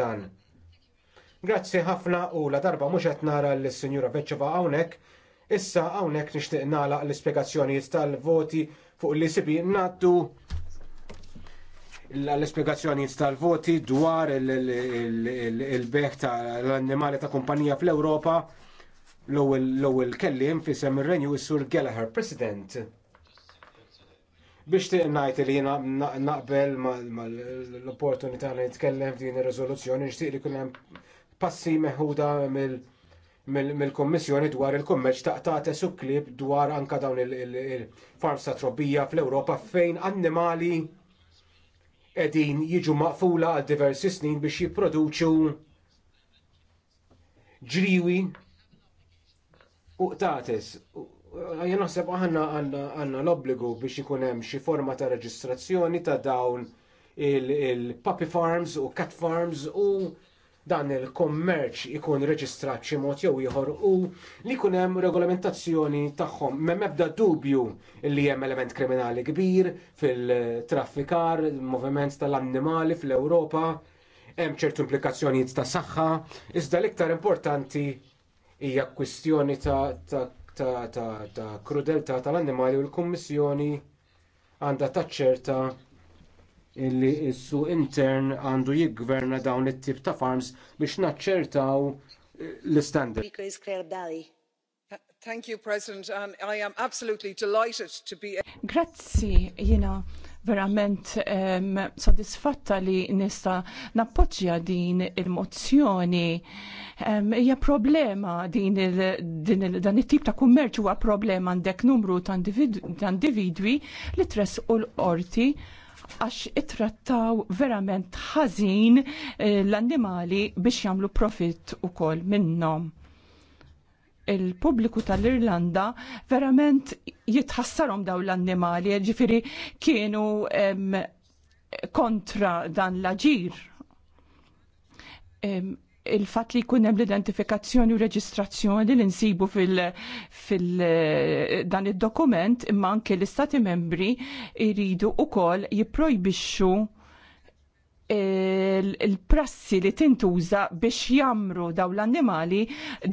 dan. Grazzi ħafna u la darba mhux qed nara l-Sinjura Veċċova hawnhekk, issa hawnhekk nixtieq nagħlaq l-ispjegazzjonijiet tal-voti fuq li sibi ngħaddu l spiegazzjoni tal-voti dwar il-beħ tal-annimali ta' kumpanija fl-Ewropa l-ewwel kellim fisem ir-Renju is-Sur Gallagher, President biex najt li jena naqbel l-opportunità li nitkellem din ir-riżoluzzjoni nixtieq li kun hemm passi meħuda mill- kommissjoni dwar il-kummerċ taqtate sukklib dwar anka dawn il-farms ta' trobbija fl-Ewropa fejn annimali edin jiġu maqfula għal diversi snin biex jipproduċu ġriwi u qtates. Jena naħseb għanna għanna l-obbligu biex ikun hemm xi forma ta' reġistrazzjoni ta' dawn il-puppy farms u cat farms u dan il-kommerċ ikun reġistrat xi mod jew ieħor u li jkun hemm regolamentazzjoni tagħhom. M'hemm ebda dubju li hemm element kriminali kbir fil-traffikar, il-moviment tal-annimali fl-Ewropa, hemm ċertu implikazzjonijiet ta' saħħa, iżda l-iktar importanti hija kwistjoni ta', ta ta' krudeltà tal-annimali u l-Kummissjoni għandha taċċerta li s-suq intern għandu jiggverna dawn it-tip ta' farms biex naċċertaw eh, l-istandard. Thank you, President, and um, I am absolutely delighted to be... Grazzi, jina. You know verament um, sodisfatta li nista nappoġġja din il-mozzjoni. Hija um, problema din, il, din il, dan it-tip ta' kummerċ huwa problema għandek numru ta' individwi li tress u l-qorti għax ittrattaw verament ħażin eh, l-annimali biex jagħmlu profitt ukoll minnhom il-pubbliku tal-Irlanda verament jitħassarom daw l-annimali, ġifiri kienu em, kontra dan l-aġir. il-fat li kunem l-identifikazzjoni u reġistrazzjoni li nsibu fil, fil dan il-dokument imma anke l-istati membri iridu u kol jiprojbixxu il-prassi li tintuża biex jamru daw l-annimali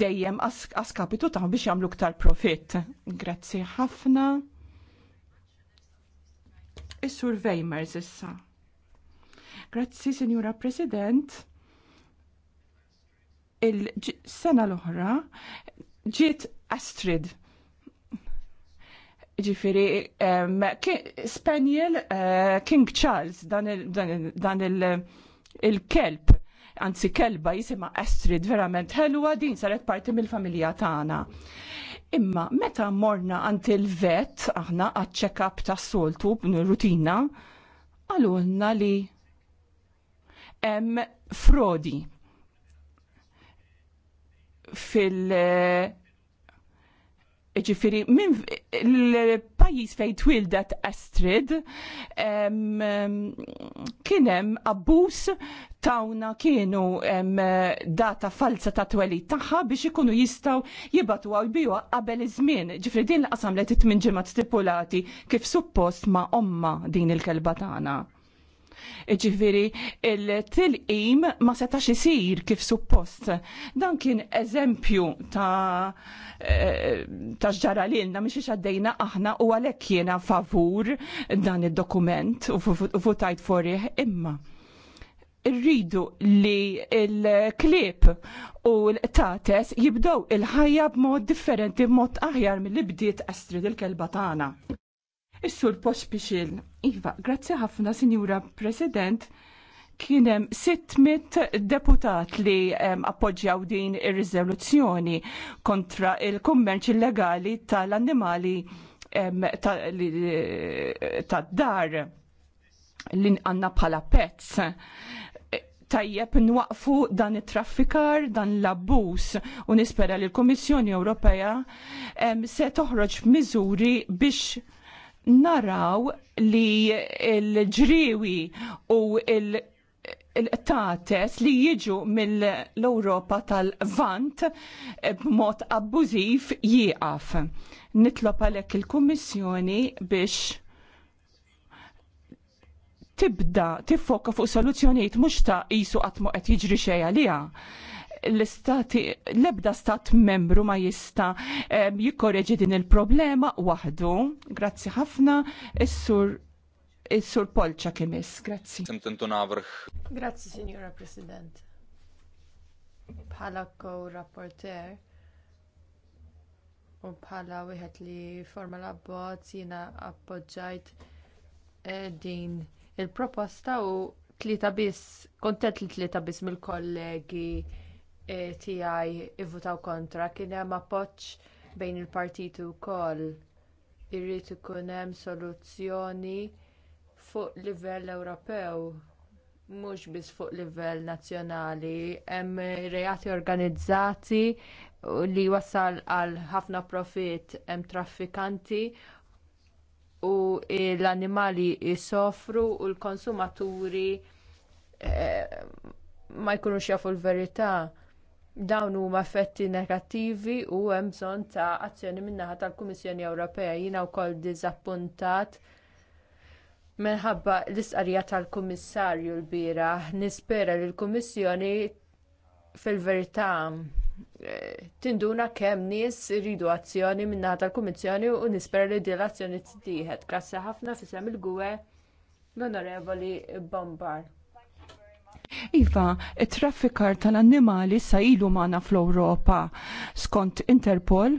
dejjem kapitu taħ biex jamlu ktar profit. Grazzi ħafna. Is-sur Weimers issa. Grazzi, Signora President. Il-sena l-oħra ġiet Astrid ġifiri, um, Spaniel uh, King Charles, dan il-kelb, il, il anzi kelba jisima Astrid, verament ħelwa din saret parti mill-familja tagħna. Imma meta morna għand il-vet, aħna għat check-up ta' soltu rutina, għalunna li em frodi fil- ġifiri, minn l-pajis fej twildet Astrid, kienem abbus tawna kienu data falsa ta' tweli taħħa biex ikunu jistaw jibatu għaw jbiju qabel iż-żmien. Ġifri din l-qasam li titmin ġimgħat stipulati kif suppost ma' omma din il-kelba tagħna. Ġifiri, il-tilqim ma setax isir kif suppost. Dan kien eżempju ta' eh, ta' ġara lilna miex għaddejna aħna u għalhekk jiena favur dan id-dokument u futajt forih imma rridu li il-klip u l-tates jibdow il-ħajja b'mod differenti b'mod aħjar mill-li bdiet Astrid il-kelba tagħna. Is-sur Pospixil Iva, grazzi ħafna, Sinjura President kienem 600 deputat li um, appoġġjaw din ir-riżoluzzjoni kontra il-kummerċ illegali tal-annimali um, tad-dar li għanna bħala pezz. E, tajjeb nwaqfu dan it-traffikar, dan l-abbus u nispera li l-Komissjoni Ewropea se toħroġ miżuri biex naraw li l-ġriwi u l- il-tates li jiġu mill-Europa tal-Vant eh, b'mod abbużiv jieqaf. Nitlob għalhekk il-Kummissjoni biex tibda tiffoka fuq soluzzjonijiet mhux ta' qisu qatt għet qed jiġri xeja għaliha l-istati, nebda ebda stat membru ma jista eh, jikkorreġi din il-problema waħdu. Grazzi ħafna, is-sur is-sur Polċa kemis, Grazzi. Simtintu navrħ. Grazzi, Signora President. Pala ko rapporter u bħala wieħed li forma l-abbozz jiena appoġġajt eh, din il-proposta u tlieta biss, kontent li tlieta biss mill-kollegi tiegħi ivvutaw kontra kien hemm appoġġ bejn il-partiti wkoll. Irrid ikun hemm soluzzjoni fuq livell Ewropew mhux biss fuq livell nazzjonali, hemm reati organizzati li wasal għal ħafna profitt hemm traffikanti u l-annimali jsofru u l-konsumaturi eh, ma jkunux jafu l-verità dawn huma effetti negattivi u hemm bżonn ta' azzjoni min-naħa tal-Kummissjoni Ewropea. Jiena wkoll diżappuntat minħabba l-istqarrija tal-Kummissarju l-bira. Nispera li l-Kummissjoni fil-verità eh, tinduna kemm nies iridu azzjoni min-naħa tal-Kummissjoni u nispera li din l-azzjoni tittieħed. Grazzi ħafna fisem il-gwe l-Onorevoli Bombar. Iva, traffikar tal-annimali sa ilu mana fl-Europa. Skont Interpol,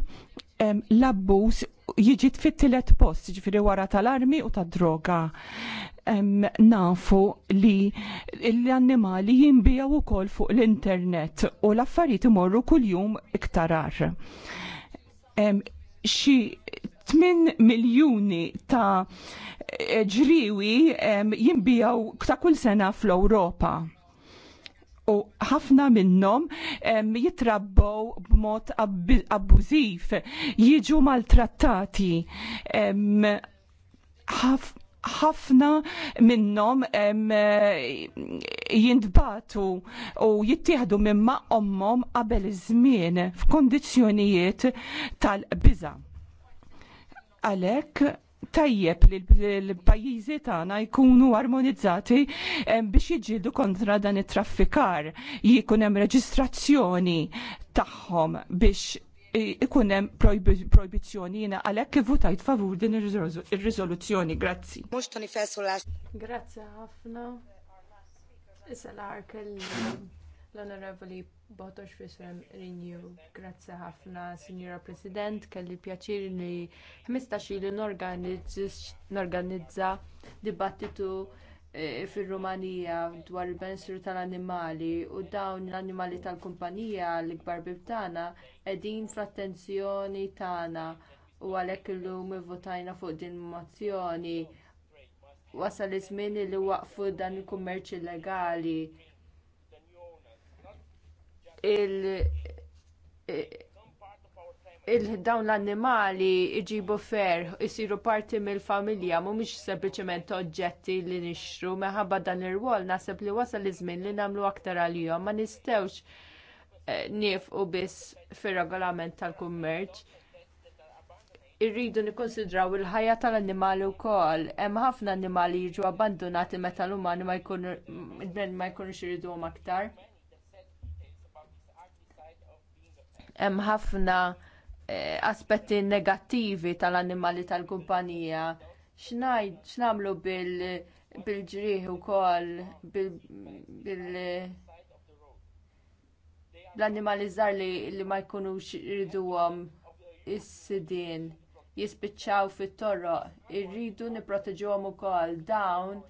l-abbuż jiġi tfittilet post, ġifiri wara tal-armi u tad-droga. Nafu li l-annimali jimbijaw ukoll fuq l-internet u l-affarijiet imorru kuljum iktarar. Xi 8 miljuni ta' ġriwi jimbijaw ta' kull sena fl-Europa u ħafna minnhom jitrabbow b'mod abbużiv, jiġu maltrattati. ħafna minnhom jintbatu u jittieħdu minn ma' ommom qabel iż-żmien f'kondizzjonijiet tal-biża. Għalhekk tajjeb li l-pajjiżi tagħna jkunu armonizzati biex jiġġieldu kontra dan it-traffikar jkun hemm reġistrazzjoni tagħhom biex ikun hemm projbizzjoni jiena għalhekk kif votajt favur din ir-riżoluzzjoni. Grazzi. Mhux tani Grazzi ħafna. Issa l-ar L-Onorevoli Botox Fisrem Renew, grazzi ħafna, Signora President, kelli pjaċir li 15 li norganizza dibattitu eh, fil-Rumanija dwar il-benessru tal-animali u dawn l-animali tal-kumpanija l-ikbar bibtana edin fl-attenzjoni tagħna u għalhekk illum votajna fuq din mozzjoni wasal iż-żmien li waqfu dan il-kummerċ illegali il-dawn l-annimali iġibu fer, isiru parti mill-familja, mhumiex sempliċement oġġetti li nixtru, meħabba dan ir rwol naħseb li wasal iż-żmien li nagħmlu aktar għalihom, ma nistgħux eh, nifqu biss fir-regolament tal-kummerċ. Irridu nikkonsidraw il-ħajja tal-annimali wkoll. Hemm ħafna annimali jiġu abbandonati meta l-umani ma jkunux iridhom aktar. hemm ħafna eh, aspetti negattivi tal-annimali tal-kumpanija. X'namlu bil bil-ġrieħ ukoll bil l-annimali żgħar li, ma jkunux irriduhom is-sidien jispiċċaw fit-torroq, irridu nipproteġuhom ukoll dawn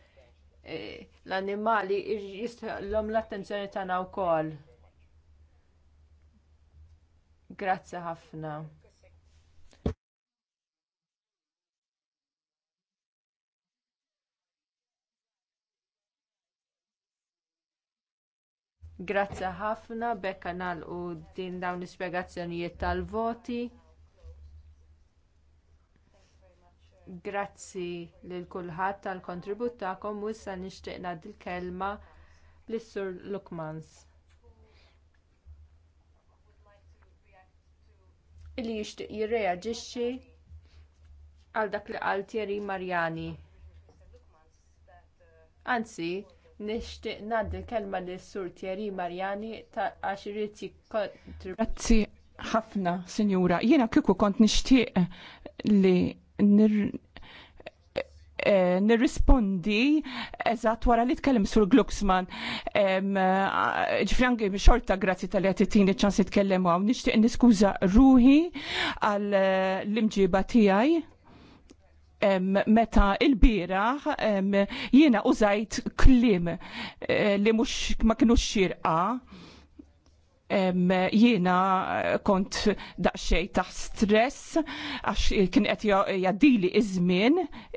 eh, l-annimali jistħallhom l-attenzjoni tagħna wkoll. Grazzi ħafna. Grazzi ħafna, bekka u din dawn l-ispjegazzjonijiet tal-voti. Grazzi lil kulħadd tal-kontribut tagħkom u issa nixtieq ngħaddi l-kelma lis-Sur Lukmans. illi jixtieq jirreaġixxi għal dak li qal Thierry Mariani. Anzi, nixtieq ngħaddi kelma li sur Thierry Marjani ta' għax irid Grazzi ħafna, Sinjura. Jiena kieku kont nixtieq li Eh, nirrispondi eżatt wara li tkellem sur Glucksman. Ġifrangi, xorta grazzi tal-li għatitini ċans nitkellem għaw. Nishtiq niskuza ruħi għal eh, l-imġiba tijaj meta il-biraħ jiena użajt klim eh, li mux ma kienu xirqa jiena kont daqxej taħ stress għax kien qed jaddili iż-żmien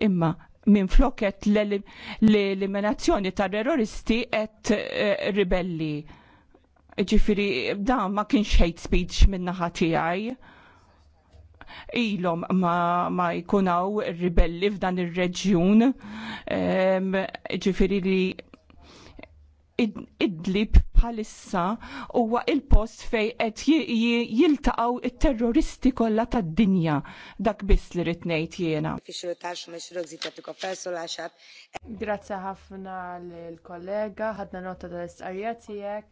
imma minn floket l-eliminazzjoni ta' terroristi et eh, ribelli. Ġifiri, dan ma kienx hate speech minn naħa tiegħi. Ilhom ma, ma jkunaw ribelli f'dan ir reġjun ehm, Ġifiri li idlib bħalissa huwa il-post fej qed jiltaqgħu it-terroristi kollha tad-dinja dak biss li rid ngħid jiena. Grazzi ħafna lill-kollega, ħadna nota tal-istqarrija tiegħek.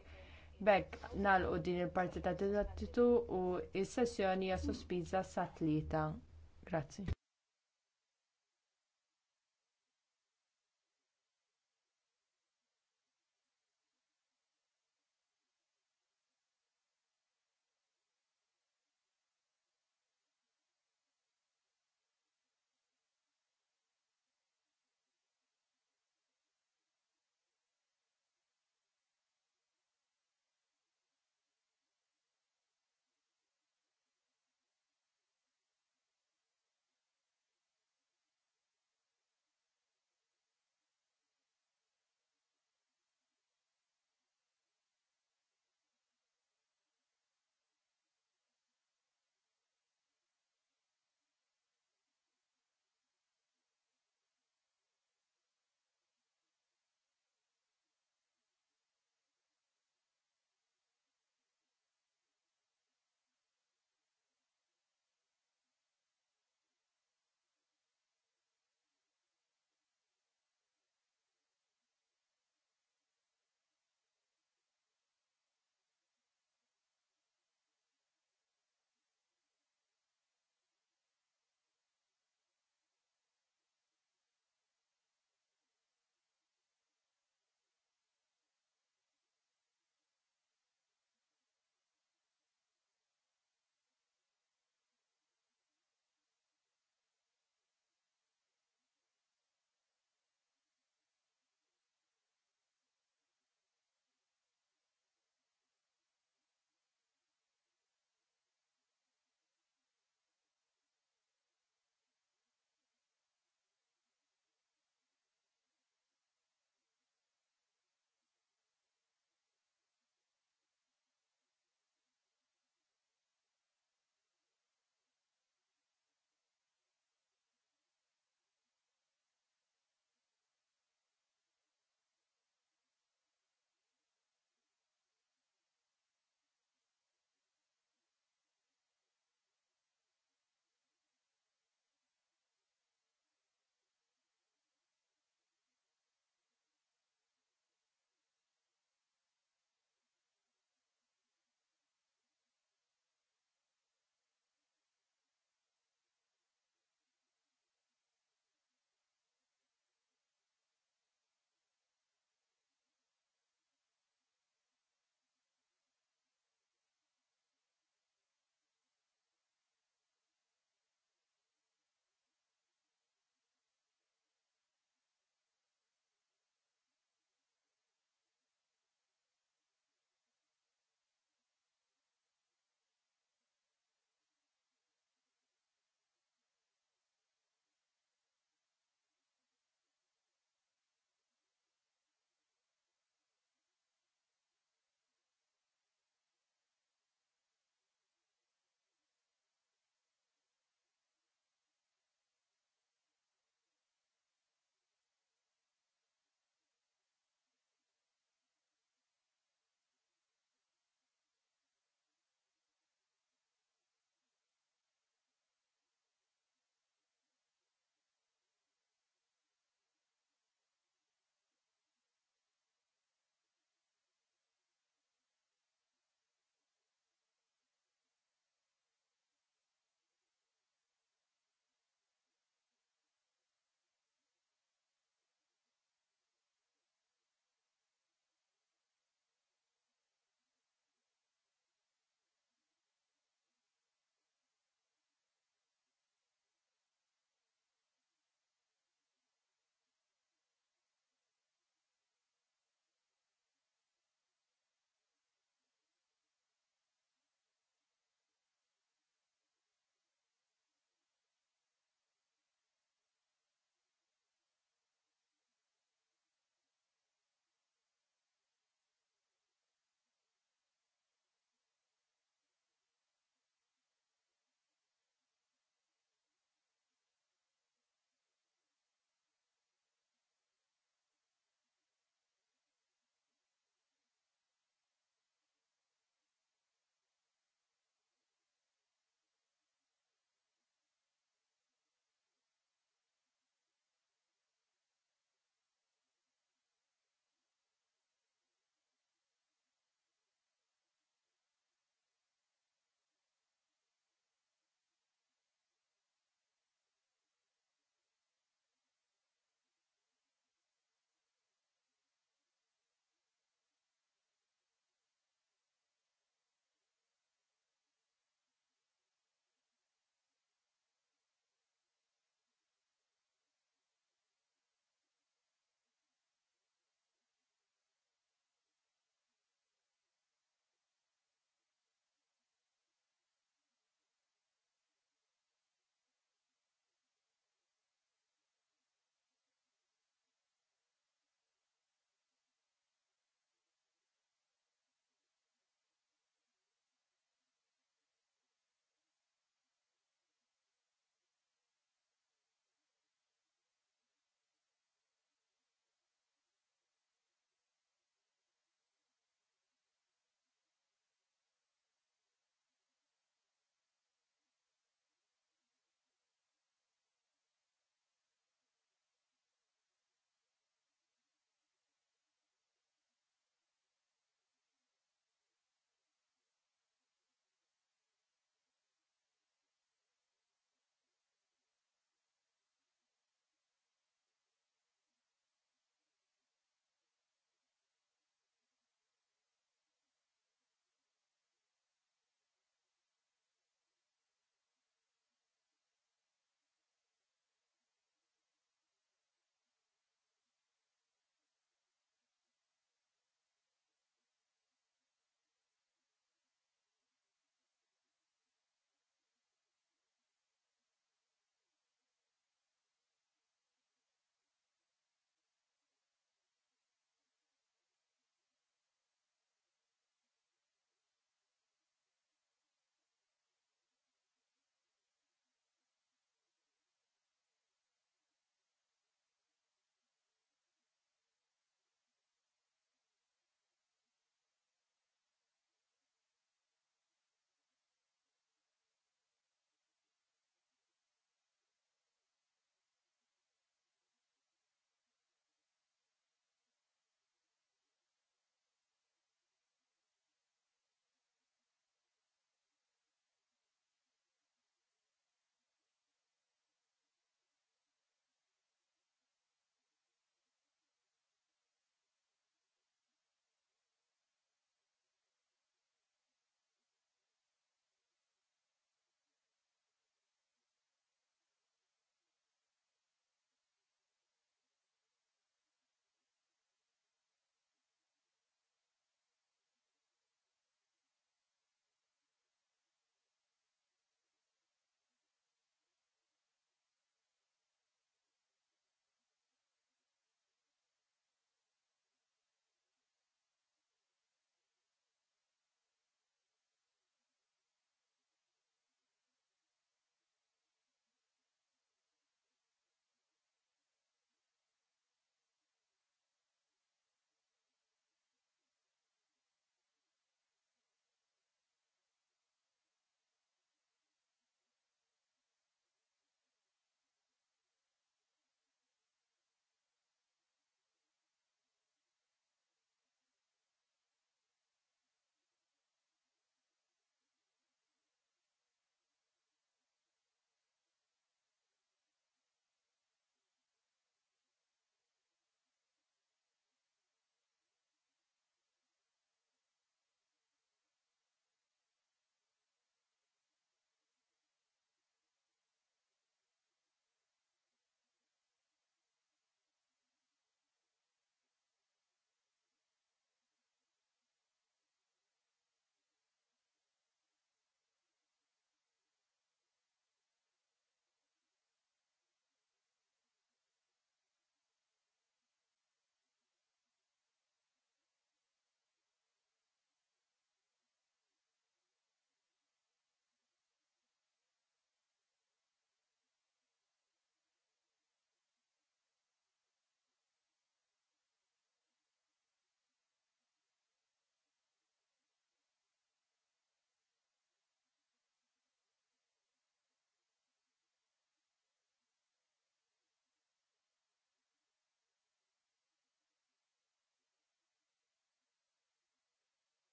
Bekk nagħlqu din il-parti ta' dibattitu u s-sessjoni hija sospiża sa tlieta. Grazzi.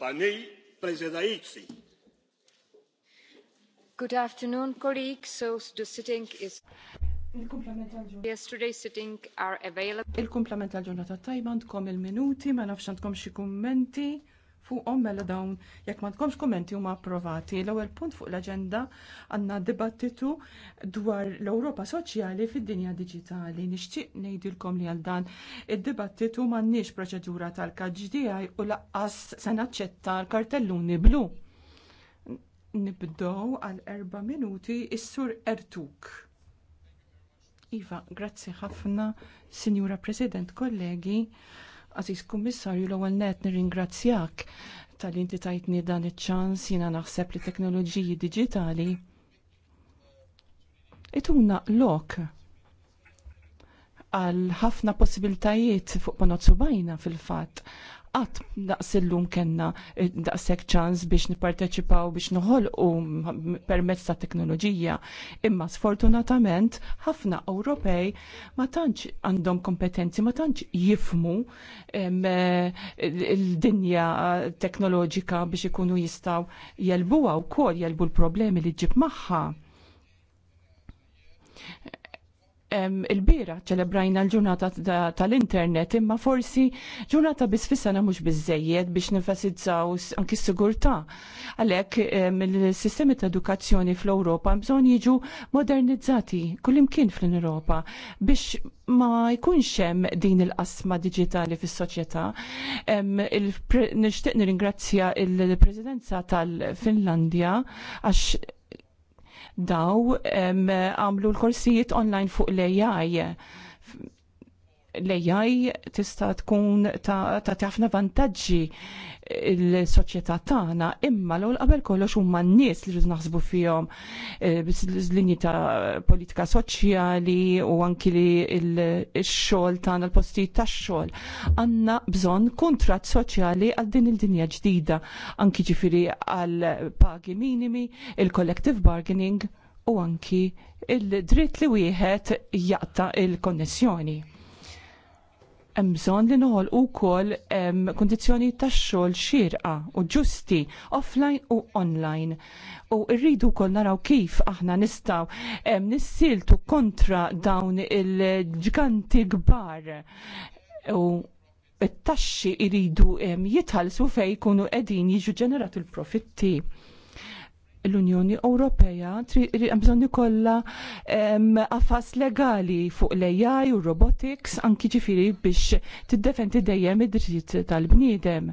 pani Good afternoon, colleagues. So the sitting is Yesterday's sitting are available. Il-komplement tal-ġurnata tajba għandkom il-minuti, ma nafx għandkom xi kummenti fuqhom mela dawn jekk ma tkomx kummenti huma approvati. L-ewwel punt fuq l-aġenda għandna dibattitu dwar l-Ewropa Soċjali fid-dinja diġitali. Nixtieq ngħidilkom li għal dan id-dibattitu m'għandniex proċedura tal kgdi u laqqas se naċċetta l-kartelluni blu. Nibdow għal erba' minuti is-sur Ertuk. Iva, grazzi ħafna, Sinjura President, kollegi. Aziz Kummissarju, l-ewwel net nirringrazzjak tal-inti tajtni dan iċ-ċans jiena naħseb li teknoloġiji diġitali ituna lok għal ħafna possibiltajiet fuq panozzu bajna fil-fatt Qatt daqsillum kellna eh, daqshekk ċans biex nipparteċipaw biex noħolqu permezz ta' teknoloġija. Imma sfortunatament ħafna Ewropej ma tantx għandhom kompetenzi, ma tantx jifmu eh, il-dinja teknoloġika biex ikunu jistaw jelbuha wkoll jelbu l-problemi li ġib magħha il-bira ċelebrajna l-ġurnata tal-internet imma forsi ġurnata bisfissana mux bizzejjed biex nifasizzaw anki s-sigurta. Għalek il-sistemi ta' edukazzjoni fl-Europa bżon jiġu modernizzati kullimkien fl-Europa biex ma jkunx hemm din il-qasma digitali fis-soċjetà. Nixtieq nirringrazzja il-Presidenza tal-Finlandja għax daw għamlu l-korsijiet online fuq l-AI l-AI tista tkun ta' tafna vantaġġi l-soċjetà tagħna, imma l qabel kollox huma n-nies li rridu naħsbu fihom eh, l-linji ta' politika soċjali u anki li x-xogħol tagħna l-postijiet tax-xogħol. Għandna bżonn kuntratt soċjali għal din il-dinja ġdida, anki ġifieri għal pagi minimi, il-collective bargaining u anki il-dritt li wieħed jaqta' il-konnessjoni hemm bżonn li noħolqu wkoll kondizjoni tax-xogħol xirqa u ġusti offline u online. U rridu wkoll naraw kif aħna nistgħu nissiltu kontra dawn il-ġganti kbar u it-taxxi jridu jitħallsu fejn jkunu qegħdin jiġu ġenerat il-profitti l-Unjoni Ewropea bżonn ikollha affas legali fuq l-AI u robotics anki ġifiri biex tiddefendi dejjem id-dritt tal-bniedem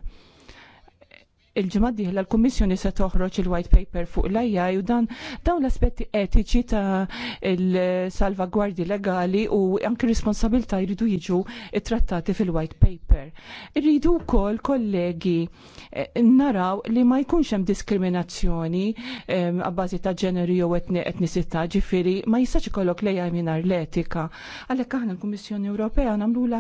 il-ġimgħa dieħla l-Kummissjoni se toħroġ il-white paper fuq l-ajja u dan dawn l-aspetti etiċi ta' il salvagwardi legali u anki responsabilità jridu jiġu trattati fil-white paper. Irridu wkoll kollegi eh, naraw li ma jkunx hemm diskriminazzjoni eh, għabbażi ta' ġeneri jew etnisità ġifieri ma jistax ikollok lejja minar l-etika. Għalhekk aħna l-Kummissjoni Ewropea nagħmlu